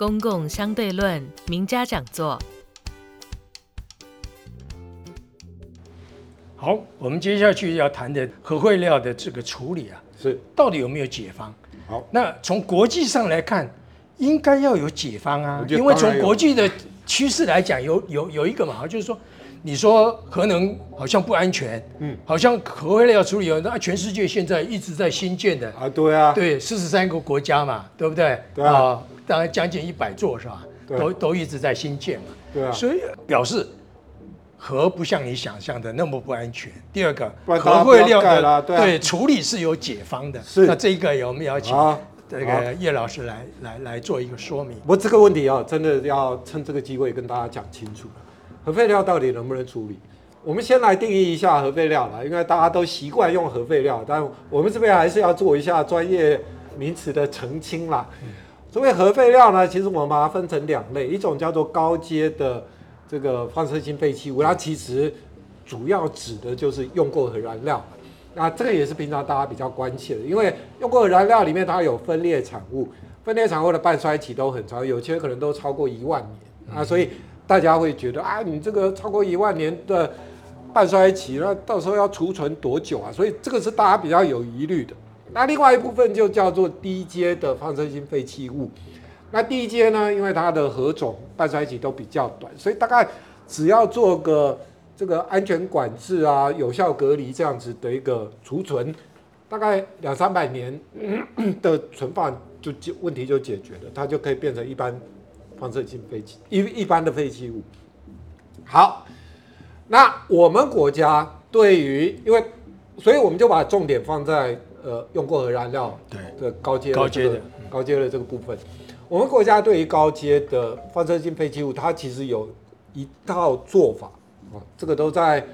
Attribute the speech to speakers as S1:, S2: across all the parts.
S1: 公共相對論名家講座。好，我們接下去要談的核廢料的這個處理啊，是到底有沒有解方？好，那從國際上來看，應該要有解方啊，因為從國際的趨勢來講，有有有一個嘛，就是說，你說核能好像不安全，嗯，好像核廢料處理，那、啊、全世界現在一直在新建的啊，對啊，對，四十三個國家嘛，對不對？對啊。哦大概將近一百座是吧？對都都一直在新建嘛。對啊，所以表示核不像你想象的那麼不安全。第二個，拜託 核廢料的對、啊、對處理是有解方的。是，那這個我們也要請這個葉老師來來來做一個說明。不過這個問題啊、哦，真的要趁這個機會跟大家講清楚：核廢料到底能不能處理？我們先來定義一下核廢料啦，因為大家都習慣用核廢料，但我們這邊還是要做一下專業名詞的澄清啦。嗯所謂核廢料呢，其實我們把它分成兩類，一種叫做高階的這個放射性廢棄物，它其實主要指的就是用過核燃料。那這個也是平常大家比較關切的，因為用過核燃料裡面它有分裂產物，分裂產物的半衰期都很長，有些可能都超過一萬年啊，嗯、所以大家會覺得啊，你這個超過一萬年的半衰期，那到時候要儲存多久啊？所以這個是大家比較有疑慮的。那另外一部分就叫做低階的放射性廢棄物。那低階呢，因為它的核種半衰期都比較短，所以大概只要做個這個安全管制啊、有效隔離這樣子的一個儲存，大概兩三百年的存放就就問題就解決了，它就可以變成一般放射性廢棄一一般的廢棄物。好，那我們國家對於因為所以我們就把重點放在。呃，用過核燃料，對的高階、這個、高階的高階的、嗯、的這個部分，我們國家對於高階的放射性廢棄物，它其實有一套做法啊，這個都在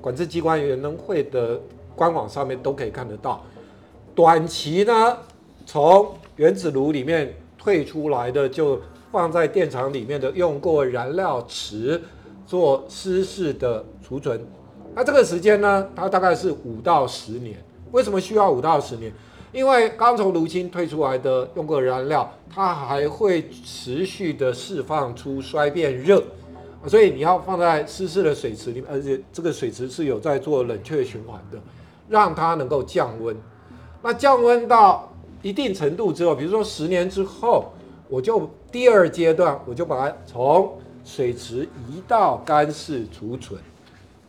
S1: 管制機關原能會的官網上面都可以看得到。短期呢，從原子爐裡面退出來的，就放在電廠裡面的用過的燃料池做濕式的儲存，那這個時間呢，它大概是五到十年。為什麼需要五到十年？因為剛從爐心退出來的用過的燃料，它還會持續的釋放出衰變熱，所以你要放在濕式的水池裡面，而且這個水池是有在做冷卻循環的，讓它能夠降溫。那降溫到一定程度之後，比如說十年之後，我就第二階段，我就把它從水池移到乾式儲存。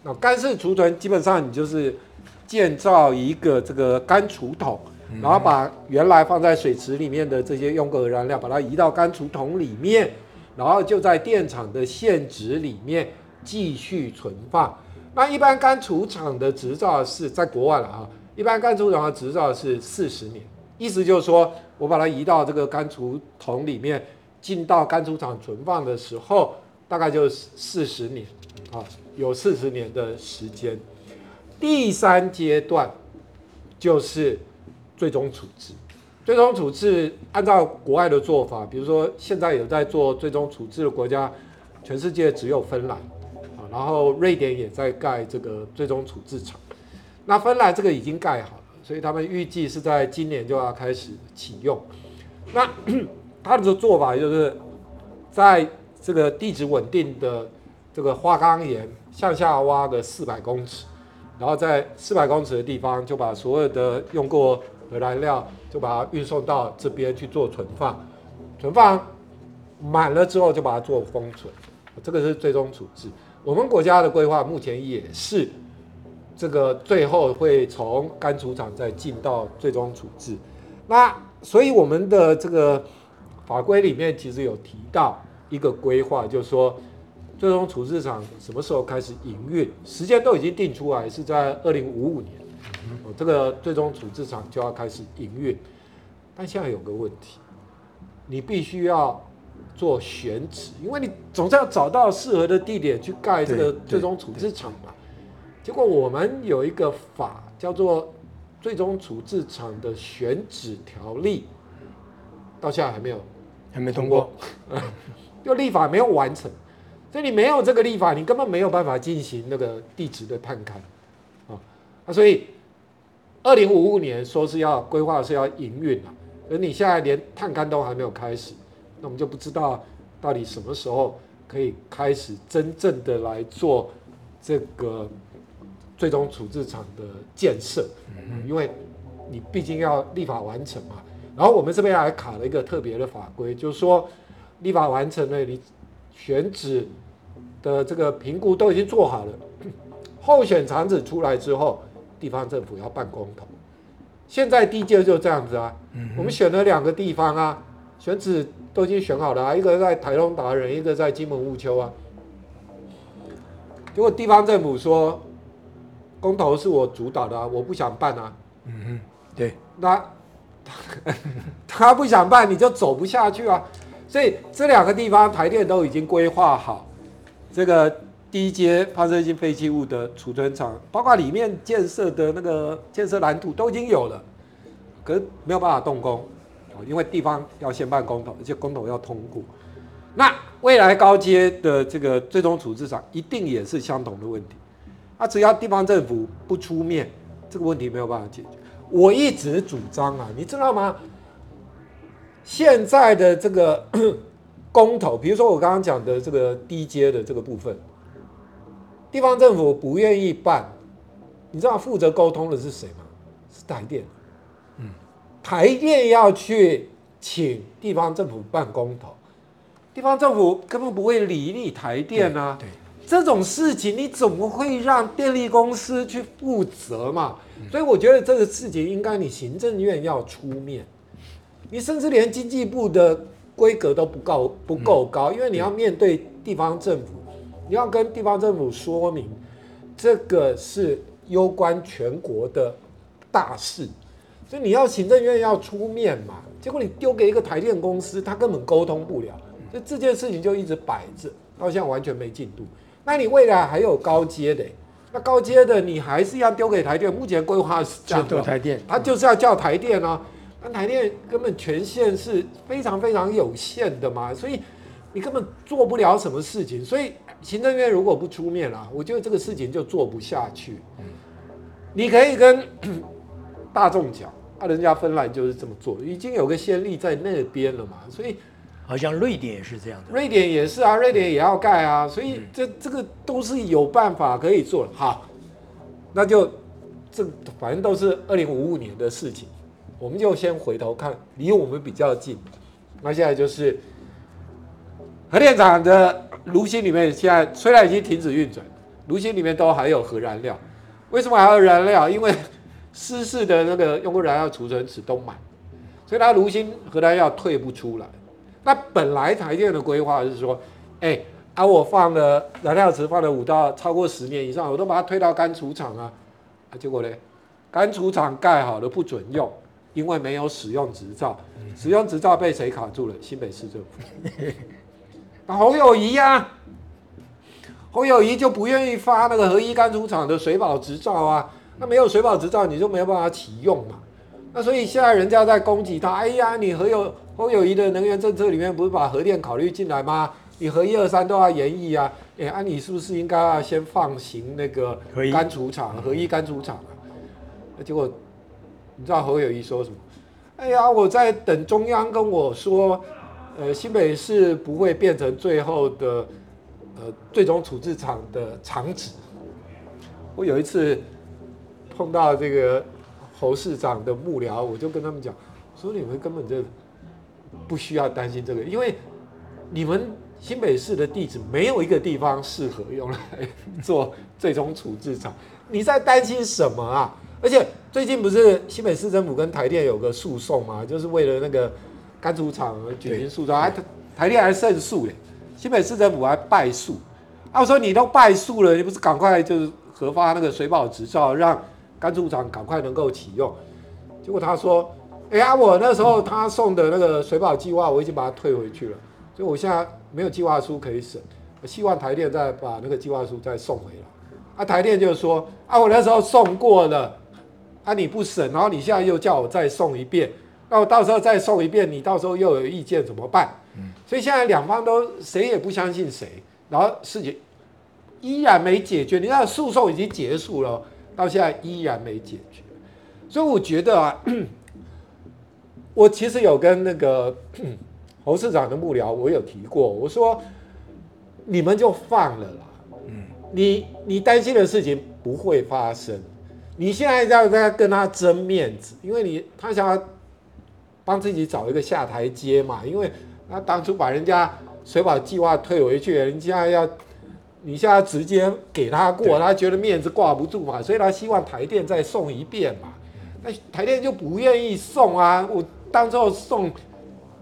S1: 那乾式儲存基本上你就是。建造一個這個乾儲桶，然後把原來放在水池裡面的這些用過的燃料，把它移到乾儲桶裡面，然後就在電廠的限制裡面繼續存放。那一般乾儲廠的執照是在國外了啊，一般乾儲廠的執照是四十年，意思就是說我把它移到這個乾儲桶裡面，進到乾儲廠存放的時候，大概就是四十年啊，有四十年的時間。第三階段就是最終處置。最終處置按照國外的做法，比如說現在有在做最終處置的國家，全世界只有芬蘭啊，然後瑞典也在蓋這個最終處置場。那芬蘭這個已經蓋好了，所以他們預計是在今年就要開始啟用。那他們的做法就是在這個地質穩定的這個花崗岩向下挖個四百公尺。然後在四百公尺的地方，就把所有的用過核燃料就把它運送到這邊去做存放，存放滿了之後就把它做封存，這個是最終處置。我們國家的規劃目前也是這個最後會從乾儲場再進到最終處置。那所以我們的這個法規裡面其實有提到一個規劃，就是說。最終處置場什麼時候開始營運？時間都已經定出來，是在二零五五年。哦，這個最終處置場就要開始營運，但現在有個問題，你必須要做選址，因為你總是要找到適合的地點去蓋這個最終處置場嘛。結果我們有一個法叫做《最終處置場的選址條例》，到現在還沒有，還沒通過， 因為立法還沒有完成。所以你沒有這個立法，你根本沒有辦法進行那個地質的探勘啊，啊那所以二零五五年說是要規劃是要營運啊，而你現在連探勘都還沒有開始，那我們就不知道到底什麼時候可以開始真正的來做這個最終處置場的建設，因為你畢竟要立法完成嘛。然後我們這邊還卡了一個特別的法規，就是說立法完成了，你選址。的這個評估都已經做好了，候選廠址出來之後，地方政府要辦公投，現在地界就這樣子啊，嗯、哼我們選了兩個地方啊，選址都已經選好了啊，一個在台東達仁，一個在金門烏坵啊。如果地方政府說，公投是我主導的啊，我不想辦啊，嗯哼對，那他他不想辦，你就走不下去啊，所以這兩個地方台電都已經規劃好。這個低階放射性廢棄物的儲存場，包括裡面建設的那個建設藍圖都已經有了，可是沒有辦法動工，啊，因為地方要先辦公投，而且公投要通過。那未來高階的這個最終處置場，一定也是相同的問題。啊，只要地方政府不出面，這個問題沒有辦法解決。我一直主張啊，你知道嗎？現在的這個。 公投，比如說我剛剛講的這個低階的這個部分，地方政府不願意辦，你知道負責溝通的是誰嗎？是台電。嗯，台電要去請地方政府辦公投，地方政府根本不會理你台電啊。對，對這種事情你怎麼會讓電力公司去負責嘛？嗯、所以我覺得這個事情應該你行政院要出面，你甚至連經濟部的。規格都不夠不夠高，因為你要面對地方政府，嗯嗯、你要跟地方政府說明，這個是攸關全國的大事，所以你要行政院要出面嘛。結果你丟給一個台電公司，他根本溝通不了，所以這件事情就一直擺着，到現在完全沒進度。那你未來還有高階的，那高階的你還是要丟給台電。目前規劃是叫台電，嗯、他就是要叫台電啊。台電根本權限是非常非常有限的嘛，所以你根本做不了什麼事情。所以行政院如果不出面啊，我覺得這個事情就做不下去。你可以跟大眾講，那人家芬蘭就是這麼做，已經有個先例在那邊了嘛。所以，好像瑞典也是這樣的。瑞典也是啊，瑞典也要蓋啊。所以這這個都是有辦法可以做的。好，那就這反正都是二零五五年的事情。我們就先回頭看，離我們比較近。那現在就是核電廠的爐芯裡面，現在雖然已經停止運轉，爐芯裡面都還有核燃料。為什麼還有燃料？因為濕式的那個用過燃料儲存池都滿，所以它爐芯核燃料退不出來。那本來台電的規劃是說，哎、欸，啊我放的燃料池放了五到超過十年以上，我都把它推到乾儲場，啊，啊結果呢，乾儲場蓋好了不准用。因為沒有使用執照，使用執照被誰卡住了？新北市政府。那侯、 啊、友宜呀、啊，侯友宜就不願意發那個核一乾貯廠的水保執照啊。那沒有水保執照，你就沒有辦法啟用嘛。那所以現在人家在攻擊他，哎呀，你侯友侯友宜的能源政策裡面不是把核電考慮進來嗎？你核一二三都要延役啊，哎、欸，那、啊、你是不是應該先放行那個乾貯廠？核一乾貯廠啊，那結果。你知道侯友宜說什麼？哎呀，我在等中央跟我說，呃，新北市不會變成最後的，呃，最終處置場的場址。我有一次碰到這個侯市長的幕僚，我就跟他們講，說你們根本就不需要擔心這個，因為你們新北市的地址沒有一個地方適合用來做最終處置場。你在擔心什麼啊？而且。最近不是新北市政府跟台電有個訴訟嘛，就是為了那個乾貯場而舉行訴訟，台對台電還勝訴呢，新北市政府還敗訴。啊、我說你都敗訴了，你不是趕快就是核發那個水保執照，讓乾貯場趕快能夠啟用。結果他說，哎、欸、呀，啊、我那時候他送的那個水保計劃，我已經把它退回去了，所以我現在沒有計劃書可以審。我希望台電再把那個計劃書再送回來。啊，台電就說，啊，我那時候送過了。啊！你不審，然後你現在又叫我再送一遍，那我到時候再送一遍，你到時候又有意見怎麼辦？所以現在兩方都誰也不相信誰，然後事情依然沒解決。你看訴訟已經結束了，到現在依然沒解決。所以我覺得啊，啊，我其實有跟那個侯市長的幕僚，我有提過，我說你們就放了啦，你你擔心的事情不會發生。你現在在跟他爭面子，因為你他想要幫自己找一個下台階嘛，因為他當初把人家水保計劃退回去，人家要，你現在要直接給他過，對他覺得面子掛不住嘛，所以他希望台電再送一遍嘛，那台電就不願意送啊，我當初送，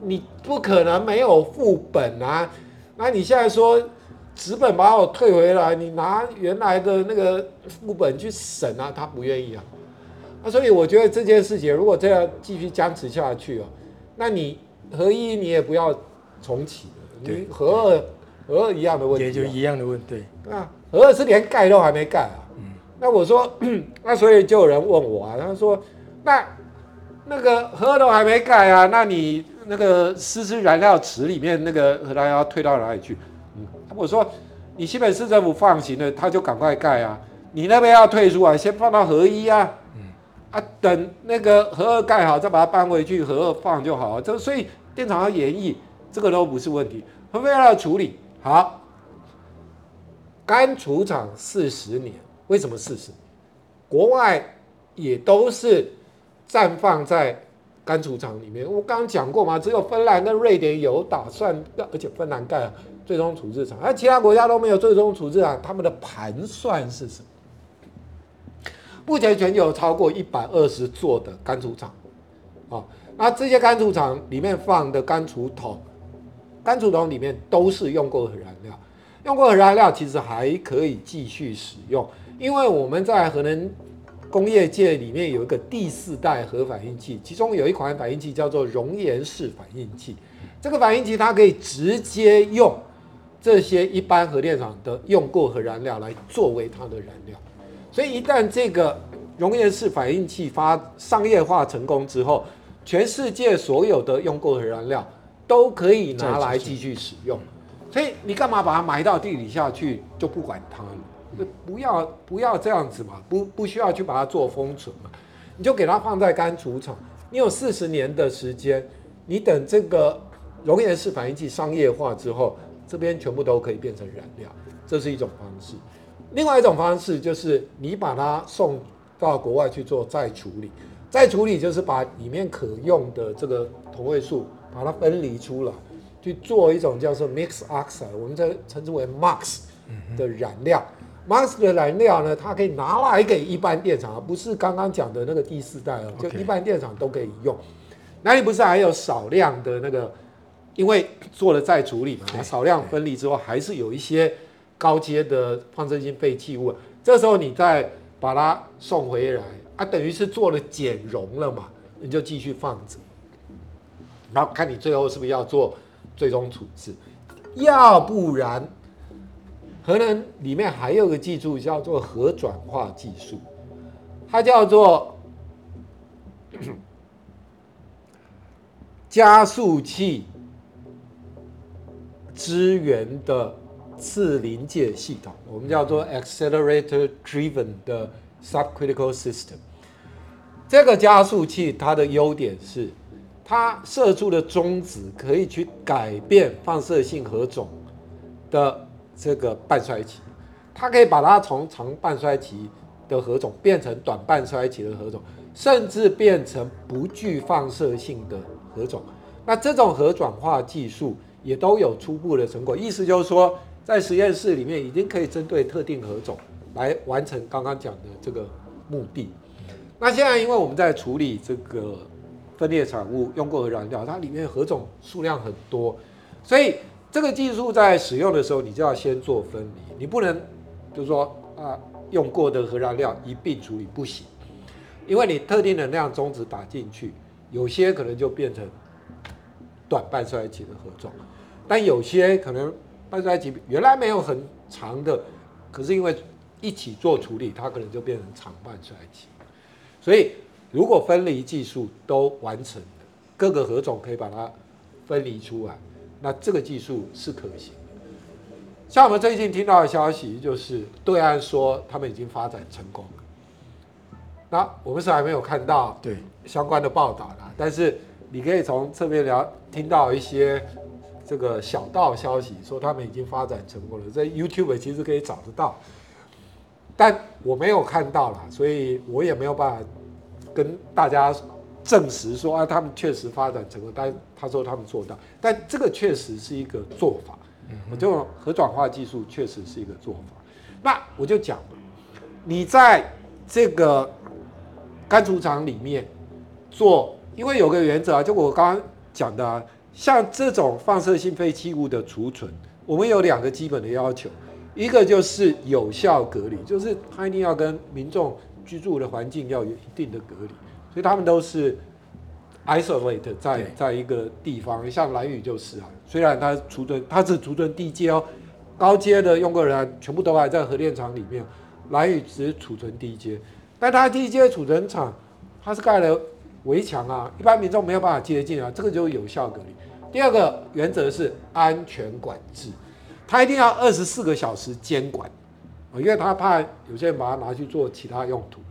S1: 你不可能沒有副本啊，那你現在說。紙本把我退回來，你拿原來的那個副本去審啊，他不願意啊。他、啊、所以我覺得這件事情如果這樣繼續僵持下去啊，那你核一你也不要重啟，你核二核二一樣的問題，也就一樣的問題。對啊，核二是連蓋都還沒蓋啊。嗯、那我說， 那所以就有人問我啊，他說那那個核二都還沒蓋啊，那你那個濕式燃料池裡面那個核大家要退到哪裡去？我說，你新北市政府放行了，他就趕快蓋啊！你那邊要退出啊，先放到核一啊，啊，等那個核二蓋好，再把它搬回去，核二放就好了，啊。這所以電廠要延役這個都不是問題。核廢料要處理好，乾儲廠四十年，為什麼四十年？國外也都是暫放在乾儲廠裡面。我剛剛講過嘛，只有芬蘭跟瑞典有打算，而且芬蘭蓋，啊最終處置場，而其他國家都沒有最終處置場，他們的盤算是什麼？目前全球超過一百二十座的乾儲場，啊，那這些乾儲場裡面放的乾儲桶，乾儲桶裡面都是用過的燃料，用過的燃料其實還可以繼續使用，因為我們在核能工業界裡面有一個第四代核反應器，其中有一款反應器叫做熔鹽式反應器，這個反應器它可以直接用。這些一般核電廠的用過核燃料來作為它的燃料，所以一旦這個熔鹽式反應器發商業化成功之後，全世界所有的用過核燃料都可以拿來繼續使用。所以你幹嘛把它埋到地底下去就不管它了？不要不要這樣子嘛，不不需要去把它做封存嘛，你就給它放在乾儲場。你有四十年的時間，你等這個熔鹽式反應器商業化之後。這邊全部都可以變成燃料。這是一種方式。另外一種方式就是你把它送到國外去做再處理，再處理就是把裡面可用的這個同位素把它分離出來，去做一種叫做 mix oxide，我們這稱之為 max 的燃料。嗯、哼 max 的燃料呢，它可以拿來給一般電廠，不是剛剛講的那個第四代哦、喔，Okay. 就一般電廠都可以用。那裡不是還有少量的那個？因為做了再處理嘛，少量分離之後還是有一些高階的放射性廢棄物，啊，這時候你再把它送回來，啊，等於是做了減容了嘛，你就繼續放着，然後看你最後是不是要做最終處置，要不然，核能裡面還有個技術叫做核轉化技術，它叫做加速器。資源的次臨界系統，我們叫做 accelerator driven 的 subcritical system。這個加速器它的優點是，它射出的中子可以去改變放射性核種的這個半衰期，它可以把它從長半衰期的核種變成短半衰期的核種，甚至變成不具放射性的核種。那這種核轉化技術。也都有初步的成果，意思就是說，在實驗室裡面已經可以針對特定核種來完成剛剛講的這個目的。那現在因為我們在處理這個分裂產物用過核燃料，它裡面核種數量很多，所以這個技術在使用的時候，你就要先做分離，你不能就是說，啊用過的核燃料一併處理，不行，因為你特定能量中子打進去，有些可能就變成短半衰期的核種。但有些可能半衰期原來沒有很長的，可是因為一起做處理，它可能就變成長半衰期。所以如果分離技術都完成各個核種可以把它分離出來，那這個技術是可行的。像我們最近聽到的消息，就是對岸說他們已經發展成功了。那我們是還沒有看到相關的報道啦，但是你可以從側面聊聽到一些。這個小道消息說他們已經發展成功了，在 YouTube 其實可以找得到，但我沒有看到啦，所以我也沒有辦法跟大家證實說啊，他們確實發展成功。但他說他們做到，但這個確實是一個做法。嗯，我覺得核轉化技術確實是一個做法。那我就講，你在這個乾貯場裡面做，因為有個原則啊，就我剛剛講的、啊。像這種放射性廢棄物的儲存，我們有兩個基本的要求，一個就是有效隔離，就是它一定要跟民眾居住的環境要有一定的隔離，所以他們都是 isolate 在在一個地方。對像蘭嶼就是啊，雖然它儲存它是儲存低階哦，高階的用過的全部都還在核電廠裡面，蘭嶼只儲存低階，但它低階儲存廠它是蓋了圍牆啊，一般民眾沒有辦法接近啊，這個就是有效隔離。第二個原則是安全管制，他一定要二十四個小時監管啊，因為他怕有些人把它拿去做其他用途。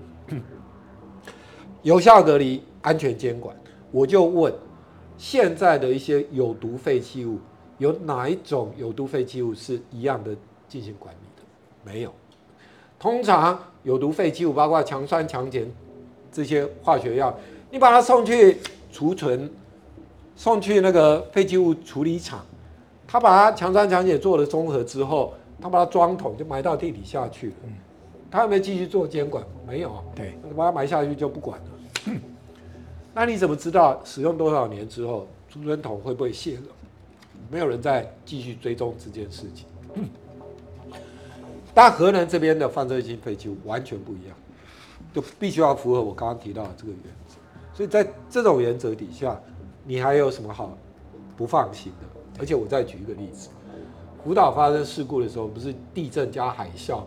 S1: 有效隔離，安全監管，我就問，現在的一些有毒廢棄物，有哪一種有毒廢棄物是一樣的進行管理的？沒有。通常有毒廢棄物包括強酸、強鹼這些化學藥。你把它送去儲存，送去那個廢棄物處理廠，他把它強酸強鹼做了中和之後，他把它裝桶就埋到地底下去了。他有沒有繼續做監管？沒有。對，他把它埋下去就不管了。嗯、那你怎麼知道使用多少年之後儲存桶會不會洩露？沒有人再繼續追蹤這件事情。嗯、但核能這邊的放射性廢棄物完全不一樣，就必須要符合我剛剛提到的這個原所以在這種原則底下，你還有什麼好不放心的？而且我再舉一個例子：福島發生事故的時候，不是地震加海嘯嗎？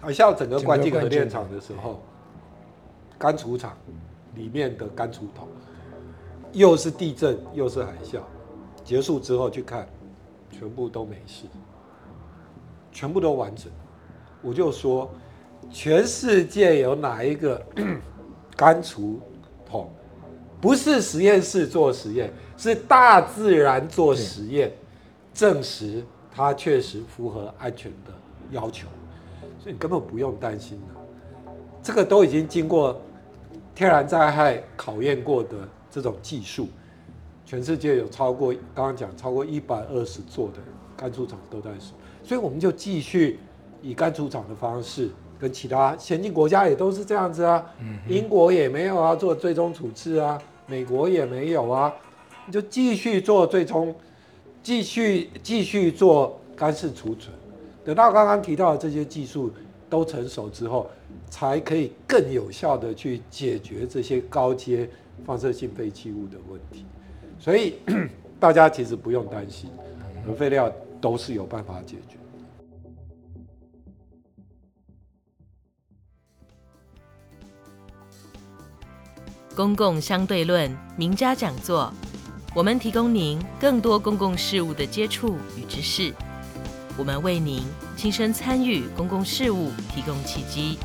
S1: 海嘯整個關進核電廠的時候，乾貯廠裡面的乾貯桶，又是地震又是海嘯，結束之後去看，全部都沒事，全部都完整。我就說，全世界有哪一個乾貯？ 桶，不是實驗室做實驗，是大自然做實驗，證實它確實符合安全的要求，所以你根本不用擔心了。這個都已經經過天然災害考驗過的這種技術，全世界有超過剛剛講超過一百二十座的乾貯場都在使，所以我們就繼續以乾貯場的方式。跟其他先進國家也都是這樣子啊，嗯、哼英國也沒有啊，做最終處置啊，美國也沒有啊，就繼續做最終，繼續繼續做乾式儲存，等到剛剛提到的這些技術都成熟之後，才可以更有效的去解決這些高階放射性廢棄物的問題，所以大家其實不用擔心，核廢料都是有辦法解決。公共相對論名家講座，我們提供您更多公共事務的接觸與知識。我們為您親身參與公共事務提供契機，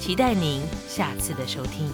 S1: 期待您下次的收聽。